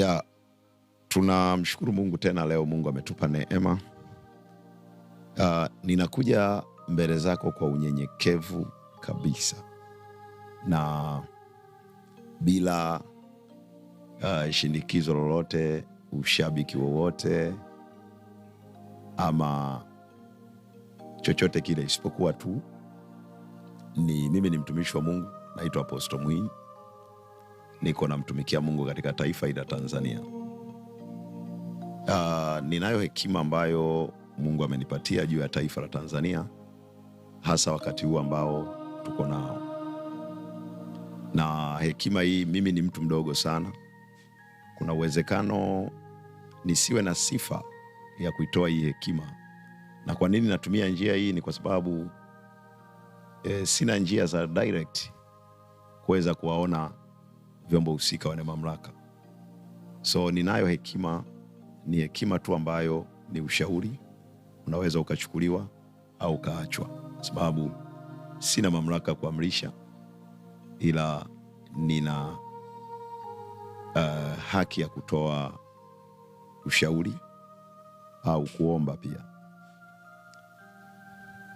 ya tunamshukuru Mungu tena leo, Mungu ametupa neema. Uh, ninakuja mbele zako kwa unyenyekevu kabisa na bila uh, shinikizo lolote, ushabiki wowote ama chochote kile, isipokuwa tu ni mimi ni mtumishi wa Mungu, naitwa aposto mwini niko namtumikia Mungu katika taifa hili la Tanzania. Uh, ninayo hekima ambayo Mungu amenipatia juu ya taifa la Tanzania hasa wakati huu ambao tuko nao, na hekima hii, mimi ni mtu mdogo sana, kuna uwezekano nisiwe na sifa ya kuitoa hii hekima. Na kwa nini natumia njia hii? Ni kwa sababu e, sina njia za direct kuweza kuwaona vyombo husika, wana mamlaka. So ninayo hekima, ni hekima tu ambayo ni ushauri, unaweza ukachukuliwa au ukaachwa, kwa sababu sina mamlaka ya kuamrisha, ila nina uh, haki ya kutoa ushauri au kuomba pia.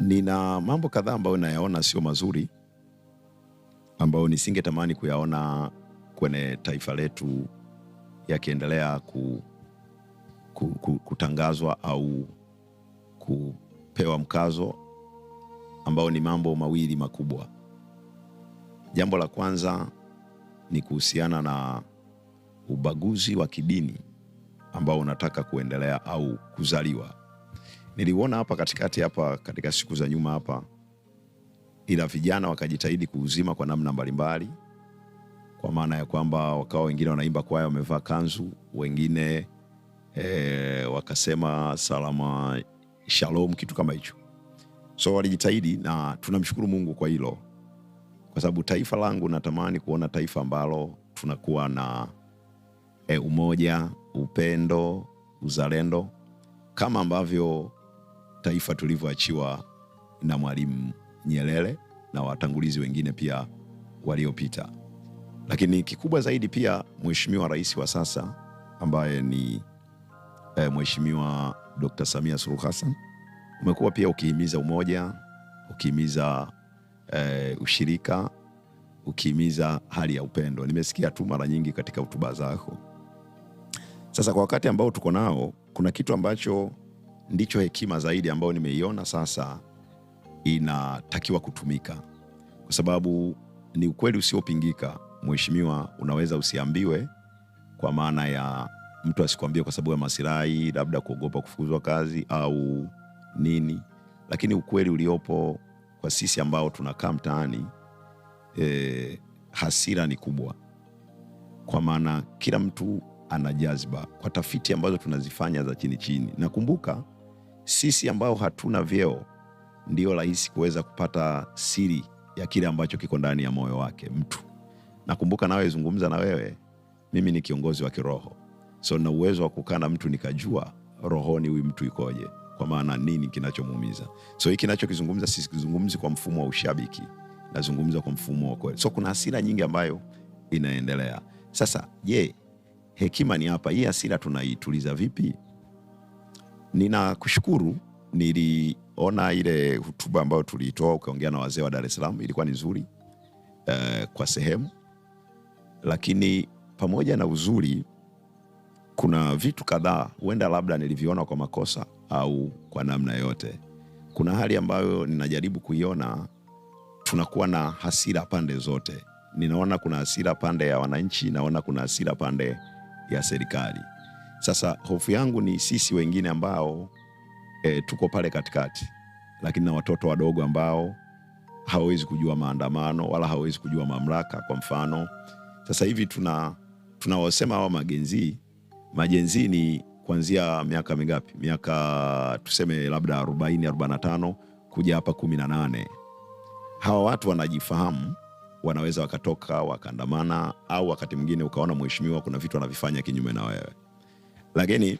Nina mambo kadhaa ambayo nayaona sio mazuri, ambayo nisingetamani kuyaona kwenye taifa letu yakiendelea ku, ku, ku, kutangazwa au kupewa mkazo ambao ni mambo mawili makubwa. Jambo la kwanza ni kuhusiana na ubaguzi wa kidini ambao unataka kuendelea au kuzaliwa. Niliuona hapa katikati hapa katika siku za nyuma hapa, ila vijana wakajitahidi kuuzima kwa namna mbalimbali kwa maana ya kwamba wakawa wengine wanaimba kwaya wamevaa kanzu, wengine e, wakasema salama shalom, kitu kama hicho. So walijitahidi na tunamshukuru Mungu kwa hilo, kwa sababu taifa langu natamani kuona taifa ambalo tunakuwa na e, umoja, upendo, uzalendo kama ambavyo taifa tulivyoachiwa na Mwalimu Nyerere na watangulizi wengine pia waliopita. Lakini kikubwa zaidi pia mheshimiwa rais wa sasa ambaye ni eh, mheshimiwa Dr. Samia Suluhu Hassan umekuwa pia ukihimiza umoja, ukihimiza eh, ushirika, ukihimiza hali ya upendo. Nimesikia tu mara nyingi katika hotuba zako. Sasa kwa wakati ambao tuko nao, kuna kitu ambacho ndicho hekima zaidi ambayo nimeiona sasa inatakiwa kutumika, kwa sababu ni ukweli usiopingika mheshimiwa, unaweza usiambiwe kwa maana ya mtu asikwambie kwa sababu ya masirahi labda kuogopa kufukuzwa kazi au nini, lakini ukweli uliopo kwa sisi ambao tunakaa mtaani e, hasira ni kubwa, kwa maana kila mtu ana jazba, kwa tafiti ambazo tunazifanya za chini chini. Nakumbuka sisi ambao hatuna vyeo ndio rahisi kuweza kupata siri ya kile ambacho kiko ndani ya moyo wake mtu. Nakumbuka nawe zungumza na wewe, mimi ni kiongozi wa kiroho, so na uwezo wa kukaa na mtu nikajua rohoni huyu mtu ikoje, kwa maana nini kinachomuumiza. So hiki nachokizungumza sikizungumzi kwa mfumo wa ushabiki, nazungumza kwa mfumo wa kweli. So kuna hasira nyingi ambayo inaendelea sasa. Je, hekima ni hapa? Hii hasira tunaituliza vipi? Ninakushukuru, niliona ile hutuba ambayo tuliitoa ukaongea na wazee wa Dar es Salaam, ilikuwa ni nzuri uh, kwa sehemu lakini pamoja na uzuri, kuna vitu kadhaa huenda labda niliviona kwa makosa au kwa namna yote. Kuna hali ambayo ninajaribu kuiona, tunakuwa na hasira pande zote. Ninaona kuna hasira pande ya wananchi, naona kuna hasira pande ya serikali. Sasa hofu yangu ni sisi wengine ambao e, tuko pale katikati, lakini na watoto wadogo ambao hawawezi kujua maandamano wala hawawezi kujua mamlaka. Kwa mfano sasa hivi tuna tunawasema hawa magenzi majenzi ni kuanzia miaka mingapi? Miaka tuseme labda 40 45 kuja hapa 18. Hawa watu wanajifahamu, wanaweza wakatoka wakaandamana, au wakati mwingine ukaona mheshimiwa, kuna vitu anavifanya kinyume na wewe, lakini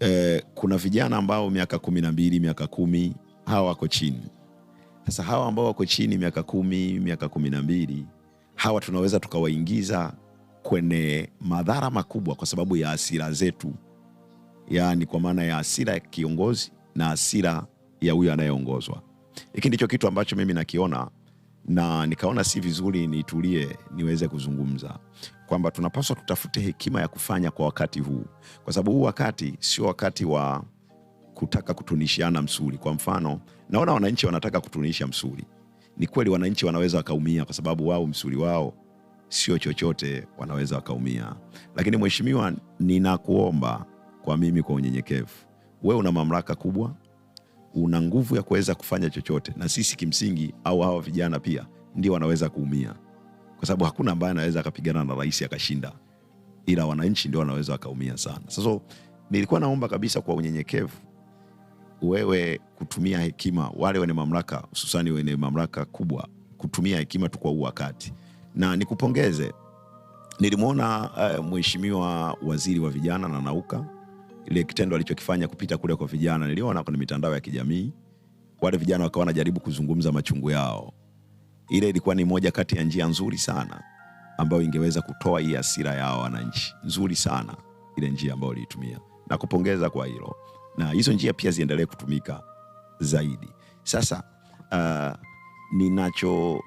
eh, kuna vijana ambao miaka kumi na mbili miaka kumi hawa wako chini. Sasa hawa ambao wako chini miaka kumi miaka kumi na mbili hawa tunaweza tukawaingiza kwenye madhara makubwa kwa sababu ya hasira zetu, yaani kwa maana ya hasira ya kiongozi na hasira ya huyo anayeongozwa. Hiki ndicho kitu ambacho mimi nakiona na nikaona si vizuri nitulie niweze kuzungumza kwamba tunapaswa tutafute hekima ya kufanya kwa wakati huu, kwa sababu huu wakati sio wakati wa kutaka kutunishiana msuli. Kwa mfano, naona wananchi wanataka kutunisha msuli ni kweli wananchi wanaweza wakaumia, kwa sababu wao msuli wao sio chochote, wanaweza wakaumia. Lakini mheshimiwa, ninakuomba kwa mimi, kwa unyenyekevu, wewe una mamlaka kubwa, una nguvu ya kuweza kufanya chochote, na sisi kimsingi, au hawa vijana pia ndio wanaweza kuumia, kwa sababu hakuna ambaye anaweza akapigana na rais akashinda, ila wananchi ndio wanaweza wakaumia sana. Sasa nilikuwa naomba kabisa kwa unyenyekevu wewe kutumia hekima, wale wenye mamlaka, hususani wenye mamlaka kubwa, kutumia hekima tu kwa wakati. Na nikupongeze, nilimwona uh, mheshimiwa waziri wa vijana na nauka, ile kitendo alichokifanya kupita kule kwa vijana, niliona kwenye mitandao ya kijamii, wale vijana wakawa wanajaribu kuzungumza machungu yao. Ile ilikuwa ni moja kati ya njia nzuri sana ambayo ingeweza kutoa hii hasira yao wananchi, nzuri sana ile njia ambayo uliitumia, nakupongeza kwa hilo na hizo njia pia ziendelee kutumika zaidi. Sasa uh, ninacho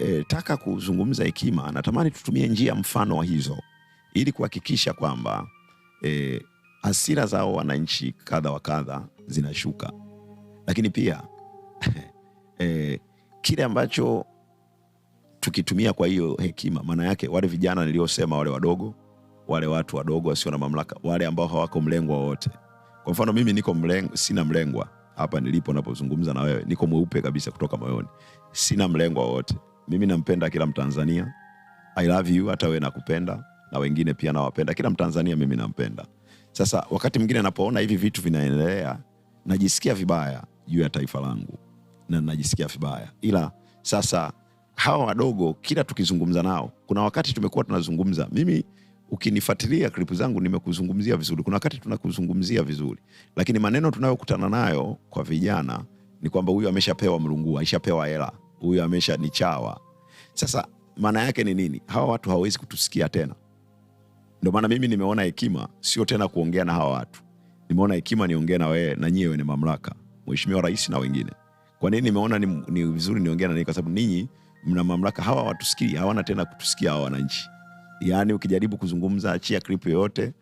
e, taka kuzungumza hekima, natamani tutumie njia mfano wa hizo ili kuhakikisha kwamba e, hasira zao wananchi kadha wa kadha zinashuka, lakini pia e, kile ambacho tukitumia kwa hiyo hekima, maana yake wale vijana niliosema, wale wadogo, wale watu wadogo wasio na mamlaka, wale ambao hawako mlengwa wowote kwa mfano mimi niko mlengo, sina mlengwa hapa nilipo napozungumza na wewe, niko mweupe kabisa kutoka moyoni, sina mlengwa wowote. Mimi nampenda kila Mtanzania, I love you, hata wewe nakupenda, na wengine pia nawapenda, kila Mtanzania mimi nampenda. Sasa wakati mwingine napoona hivi vitu vinaendelea, najisikia vibaya juu ya taifa langu na najisikia vibaya, ila sasa hawa wadogo, kila tukizungumza nao, kuna wakati tumekuwa tunazungumza mimi ukinifuatilia klipu zangu nimekuzungumzia vizuri. Kuna wakati tunakuzungumzia vizuri, lakini maneno tunayokutana nayo kwa vijana ni kwamba huyu ameshapewa mlungua, aishapewa hela, huyu amesha ni chawa. Sasa maana yake ni nini? Hawa watu hawawezi kutusikia tena. Ndio maana mimi nimeona hekima sio tena kuongea na hawa watu, nimeona hekima niongee na wewe na nyie wenye mamlaka, Mheshimiwa Rais na wengine. Kwa nini nimeona ni, ni vizuri niongee na ninyi? Kwa sababu ninyi mna mamlaka. Hawa watusikii, hawana tena kutusikia hawa wananchi yani ukijaribu kuzungumza, achia clip yoyote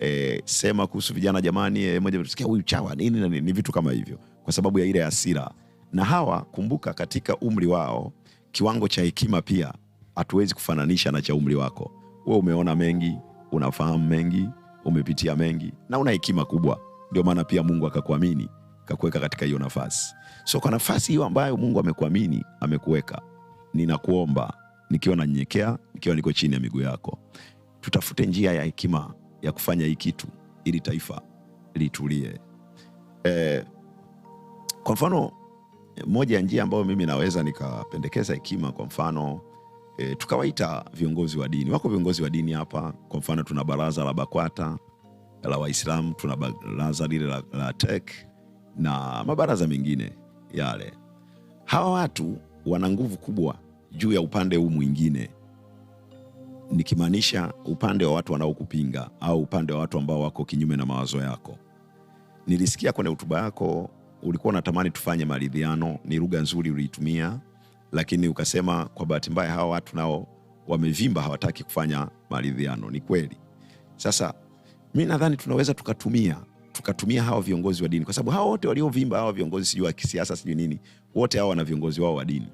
e, sema kuhusu vijana, jamani e, moja mtusikia huyu chawa nini na ni vitu kama hivyo, kwa sababu ya ile hasira. Na hawa kumbuka, katika umri wao kiwango cha hekima pia hatuwezi kufananisha na cha umri wako. wewe umeona mengi, unafahamu mengi, umepitia mengi na una hekima kubwa, ndio maana pia Mungu akakuamini akakuweka katika hiyo nafasi. So kwa nafasi hiyo ambayo Mungu amekuamini amekuweka, ninakuomba nikiwa nanyenyekea ikiwa niko chini ya miguu yako. Tutafute njia ya hekima ya kufanya hii kitu ili taifa litulie. Eh, kwa mfano moja ya njia ambayo mimi naweza nikapendekeza hekima, kwa mfano e, tukawaita viongozi wa dini. Wako viongozi wa dini hapa, kwa mfano tuna baraza la BAKWATA la Waislamu, tuna baraza lile la, la TEC na mabaraza mengine yale. Hawa watu wana nguvu kubwa juu ya upande huu mwingine nikimaanisha upande wa watu wanaokupinga au upande wa watu ambao wako kinyume na mawazo yako. Nilisikia kwenye hotuba yako ulikuwa unatamani tufanye maridhiano, ni lugha nzuri uliitumia, lakini ukasema kwa bahati mbaya hawa watu nao wamevimba, hawataki kufanya maridhiano. Ni kweli. Sasa mi nadhani tunaweza tukatumia tukatumia hawa viongozi wa dini, kwa sababu hawa wote waliovimba, hawa viongozi sijui wa kisiasa sijui nini, wote hawa wana viongozi wao wa dini.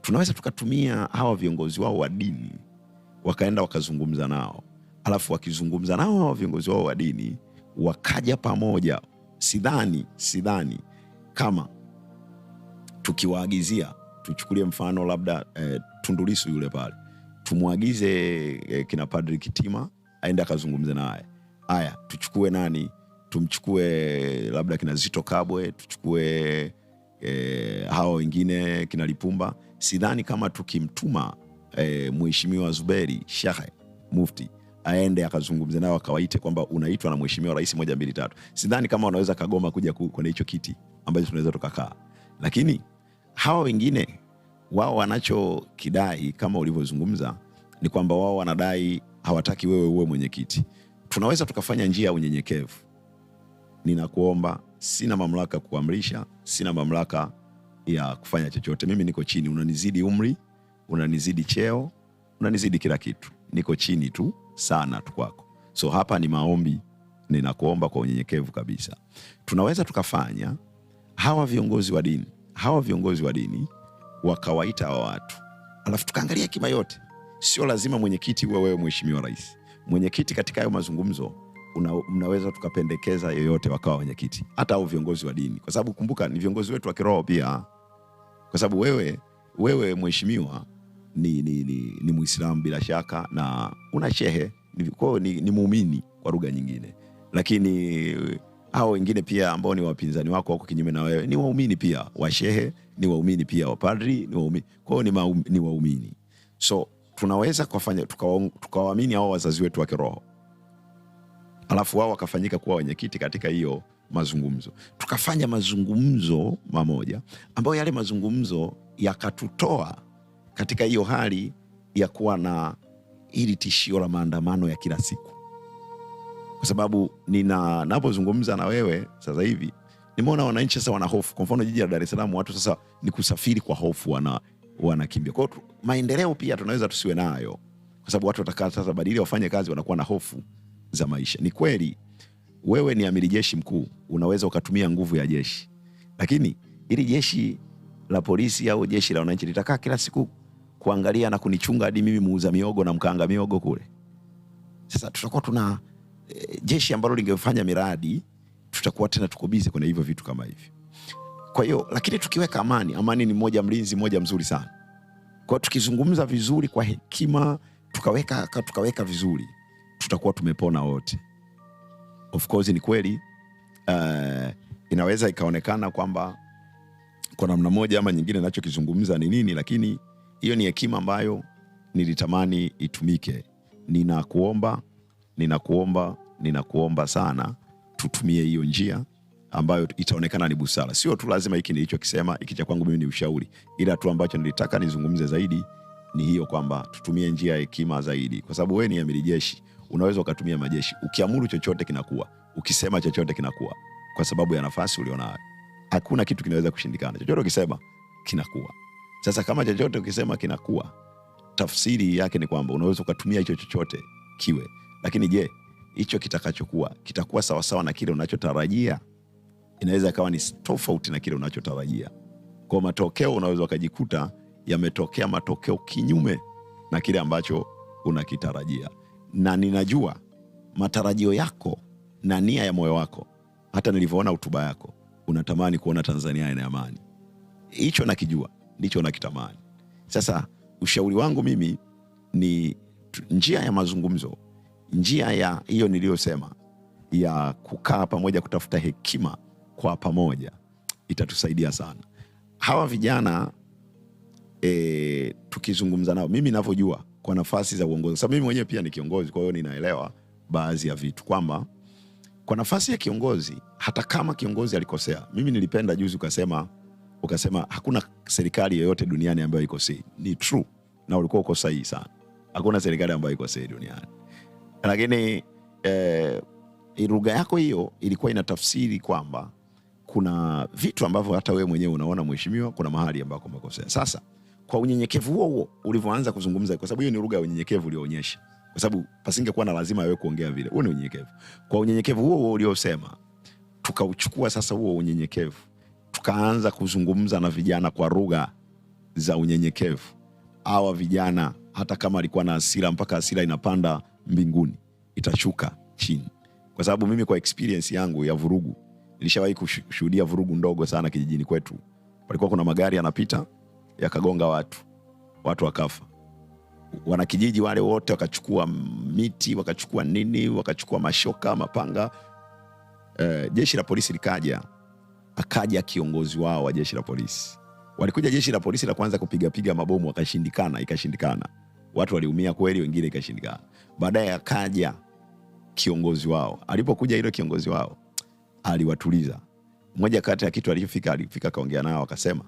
Tunaweza tukatumia hawa viongozi wao wa dini wakaenda wakazungumza nao, alafu wakizungumza nao hawa viongozi wao wa dini wakaja pamoja. Sidhani, sidhani kama tukiwaagizia, tuchukulie mfano labda eh, Tundulisu yule pale, tumwagize eh, kina Padri Kitima aende akazungumze naye. Haya, tuchukue nani, tumchukue eh, labda kina Zito Kabwe, tuchukue eh, hao wengine kina Lipumba. Sidhani kama tukimtuma eh, Mheshimiwa Zuberi Shahe Mufti aende akazungumze nao akawaite kwamba unaitwa na mheshimiwa rais moja mbili tatu. Sidhani kama wanaweza kagoma kuja kwenye hicho kiti ambacho tunaweza tukakaa, lakini hawa wengine wao wanachokidai kama ulivyozungumza ni kwamba wao wanadai hawataki wewe uwe mwenyekiti. Tunaweza tukafanya njia ya unyenyekevu. Ninakuomba, sina mamlaka kuamrisha, sina mamlaka ya kufanya chochote. Mimi niko chini, unanizidi umri, unanizidi cheo, unanizidi kila kitu, niko chini tu sana tu kwako. So hapa ni maombi, ninakuomba kwa unyenyekevu kabisa. Tunaweza tukafanya hawa viongozi wa dini, hawa viongozi wa dini wakawaita hawa watu, alafu tukaangalia kima yote. Sio lazima mwenyekiti uwe wewe, mheshimiwa rais. Mwenyekiti katika hayo mazungumzo una, mnaweza tukapendekeza yoyote wakawa wenyekiti, hata au viongozi wa dini, kwa sababu kumbuka ni viongozi wetu wa kiroho pia, kwa sababu wewe, wewe mheshimiwa ni, ni, ni, ni Muislamu bila shaka na una shehe kwao ni, ni muumini kwa lugha nyingine, lakini eh, hao wengine pia ambao ni wapinzani wako wako kinyume na wewe ni waumini pia wa shehe, ni waumini pia wa padri, ni waumini kwao ni, ni waumini so tunaweza kufanya tukawaamini hao wazazi wetu wa kiroho alafu wao wakafanyika kuwa wenyekiti katika hiyo mazungumzo, tukafanya mazungumzo mamoja ambayo yale mazungumzo yakatutoa katika hiyo hali ya kuwa na hili tishio la maandamano ya kila siku, kwa sababu ninapozungumza na wewe sasa hivi nimeona wananchi sasa wana hofu. Kwa mfano jiji la Dar es Salaam watu sasa ni kusafiri kwa hofu, wana wanakimbia. Kwa hiyo maendeleo pia tunaweza tusiwe nayo, kwa sababu watu watakaa sasa, badili wafanye kazi, wanakuwa na hofu za maisha. Ni kweli wewe ni amiri jeshi mkuu, unaweza ukatumia nguvu ya jeshi, lakini ili jeshi la polisi au jeshi la wananchi litakaa kila siku kuangalia na kunichunga hadi mimi muuza miogo na mkaanga miogo kule. Sasa tutakuwa tuna e, jeshi ambalo lingefanya miradi, tutakuwa tena tuko busy kwenye hivyo vitu kama hivi. Kwa hiyo lakini tukiweka amani, amani ni moja mlinzi moja mzuri sana. Kwa tukizungumza vizuri kwa hekima, tukaweka tukaweka vizuri, tutakuwa tumepona wote. Of course ni kweli uh, inaweza ikaonekana kwamba kwa namna moja ama nyingine nachokizungumza ni nini, lakini hiyo ni hekima ambayo nilitamani itumike. Ninakuomba, ninakuomba, ninakuomba sana tutumie hiyo njia ambayo itaonekana ni busara. Sio tu lazima hiki nilichokisema hiki cha kwangu mimi ni ushauri, ila tu ambacho nilitaka nizungumze zaidi ni hiyo kwamba tutumie njia ya hekima zaidi, kwa sababu wewe ni amiri jeshi, unaweza ukatumia majeshi. Ukiamuru chochote kinakuwa, ukisema chochote kinakuwa, kwa sababu ya nafasi ulionayo. Hakuna kitu kinaweza kushindikana, chochote ukisema kinakuwa. Sasa kama chochote ukisema kinakuwa, tafsiri yake ni kwamba unaweza ukatumia hicho chochote kiwe, lakini je, hicho kitakachokuwa kitakuwa sawasawa na kile unachotarajia? Inaweza ikawa ni tofauti na kile unachotarajia. Kwa matokeo unaweza ukajikuta yametokea matokeo kinyume na kile ambacho unakitarajia. Na ninajua matarajio yako na nia ya moyo wako, hata nilivyoona hotuba yako, unatamani kuona Tanzania ina amani, hicho nakijua ndicho nakitamani. Sasa ushauri wangu mimi ni njia ya mazungumzo, njia ya hiyo niliyosema ya kukaa pamoja, kutafuta hekima kwa pamoja itatusaidia sana. Hawa vijana e, tukizungumza nao, mimi navyojua kwa nafasi za uongozi, sababu mimi mwenyewe pia ni kiongozi, kwa hiyo ninaelewa baadhi ya vitu kwamba kwa nafasi ya kiongozi, hata kama kiongozi alikosea, mimi nilipenda juzi ukasema ukasema hakuna serikali yoyote duniani ambayo iko sahihi. Ni true na ulikuwa uko sahihi sana, hakuna serikali ambayo iko sahihi duniani, lakini eh, lugha yako hiyo ilikuwa inatafsiri kwamba kuna vitu ambavyo hata wewe mwenyewe unaona mheshimiwa, kuna mahali ambako umekosea. Sasa kwa unyenyekevu huo huo ulivyoanza kuzungumza, kwa sababu hiyo ni lugha ya unyenyekevu ulioonyesha, kwa sababu pasingekuwa na lazima wewe kuongea vile. Huo ni unyenyekevu. Kwa unyenyekevu huo huo uliosema, tukauchukua sasa huo unyenyekevu tukaanza kuzungumza na vijana kwa lugha za unyenyekevu. Hawa vijana hata kama alikuwa na hasira, mpaka hasira inapanda mbinguni, itashuka chini, kwa sababu mimi kwa experience yangu ya vurugu nilishawahi kushuhudia vurugu ndogo sana kijijini kwetu. Palikuwa kuna magari yanapita yakagonga watu, watu wakafa. Wanakijiji wale wote wakachukua miti, wakachukua nini, wakachukua mashoka, mapanga. E, jeshi la polisi likaja akaja kiongozi wao wa jeshi la polisi. Walikuja jeshi la polisi la kwanza kupigapiga mabomu, wakashindikana, ikashindikana, watu waliumia kweli, wengine ikashindikana. Baadaye akaja kiongozi wao. Alipokuja ile kiongozi wao aliwatuliza. Mmoja kati ya kitu alichofika, alifika akaongea nao akasema,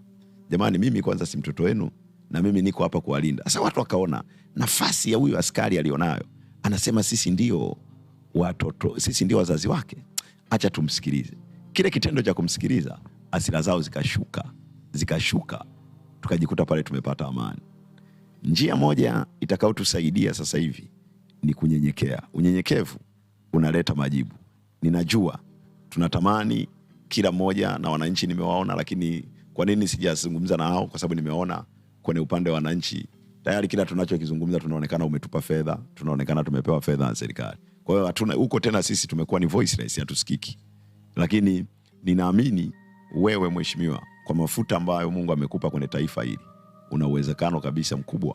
jamani, mimi kwanza si mtoto wenu na mimi niko hapa kuwalinda. Sasa watu wakaona nafasi ya huyu askari alionayo, anasema sisi ndio watoto, sisi ndio wazazi wake, acha tumsikilize kile kitendo cha kumsikiliza, asira zao zikashuka zikashuka, tukajikuta pale tumepata amani. Njia moja itakayotusaidia sasa hivi ni kunyenyekea. Unyenyekevu unaleta majibu. Ninajua tunatamani kila mmoja na wananchi nimewaona, lakini kwa nini sijazungumza na hao? Kwa sababu nimeona kwenye upande wa wananchi tayari kila tunachokizungumza tunaonekana umetupa fedha, tunaonekana tumepewa fedha na serikali. Kwa hiyo hatuna huko tena, sisi tumekuwa ni voiceless, hatusikiki. Lakini ninaamini wewe mheshimiwa, kwa mafuta ambayo Mungu amekupa kwenye taifa hili, una uwezekano kabisa mkubwa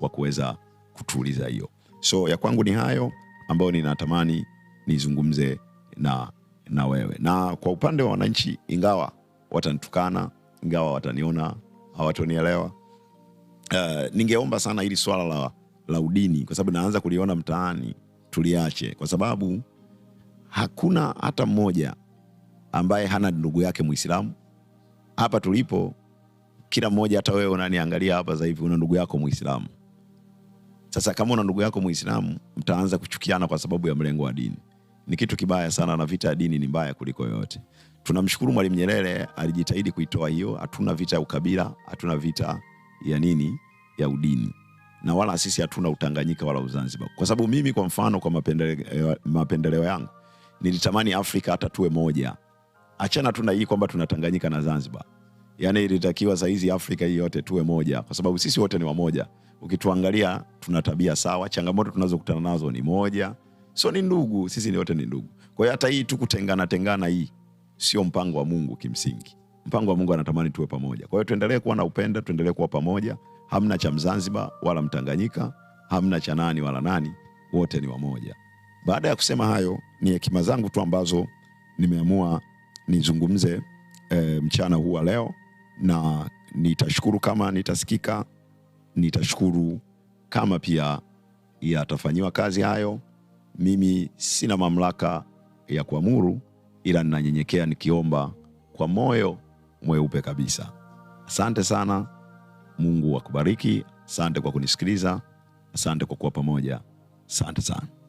wa kuweza kutuuliza hiyo. So ya kwangu ni hayo ambayo ninatamani nizungumze na, na wewe. Na kwa upande wa wananchi, ingawa watanitukana, ingawa wataniona hawatonielewa, uh, ningeomba sana hili swala la, la udini, kwa sababu naanza kuliona mtaani, tuliache, kwa sababu hakuna hata mmoja ambaye hana ndugu yake Muislamu. Hapa tulipo kila mmoja, hata wewe unaniangalia hapa sasa hivi una ndugu yako Muislamu. Sasa kama una ndugu yako Muislamu, mtaanza kuchukiana kwa sababu ya mlengo wa dini. Ni kitu kibaya sana, na vita ya dini ni mbaya kuliko yote. Tunamshukuru Mwalimu Nyerere alijitahidi kuitoa hiyo. Hatuna vita ya ukabila, hatuna vita ya nini ya udini, na wala sisi hatuna utanganyika wala uzanzibar, kwa sababu mimi kwa mfano, kwa mapendeleo eh, mapendeleo yangu nilitamani Afrika hata tuwe moja achana tu na hii kwamba tunatanganyika na Zanzibar. Yaani ilitakiwa saa hizi Afrika hii yote tuwe moja, kwa sababu sisi wote ni wamoja. Ukituangalia tuna tabia sawa, changamoto tunazokutana nazo ni moja, so ni ndugu, sisi ni wote ni ndugu. Kwa hiyo hata hii tu kutengana tengana, hii sio mpango wa Mungu kimsingi. Mpango wa Mungu anatamani tuwe pamoja. Kwa hiyo tuendelee kuwa na upendo, tuendelee kuwa pamoja. Hamna cha Mzanzibar wala Mtanganyika, hamna cha nani wala nani, wote ni wamoja. Baada ya kusema hayo, ni hekima zangu tu ambazo nimeamua nizungumze e, mchana huu wa leo, na nitashukuru kama nitasikika, nitashukuru kama pia yatafanyiwa kazi hayo. Mimi sina mamlaka ya kuamuru, ila ninanyenyekea nikiomba kwa moyo mweupe kabisa. Asante sana. Mungu akubariki. Asante kwa kunisikiliza. Asante kwa kuwa pamoja. Asante sana.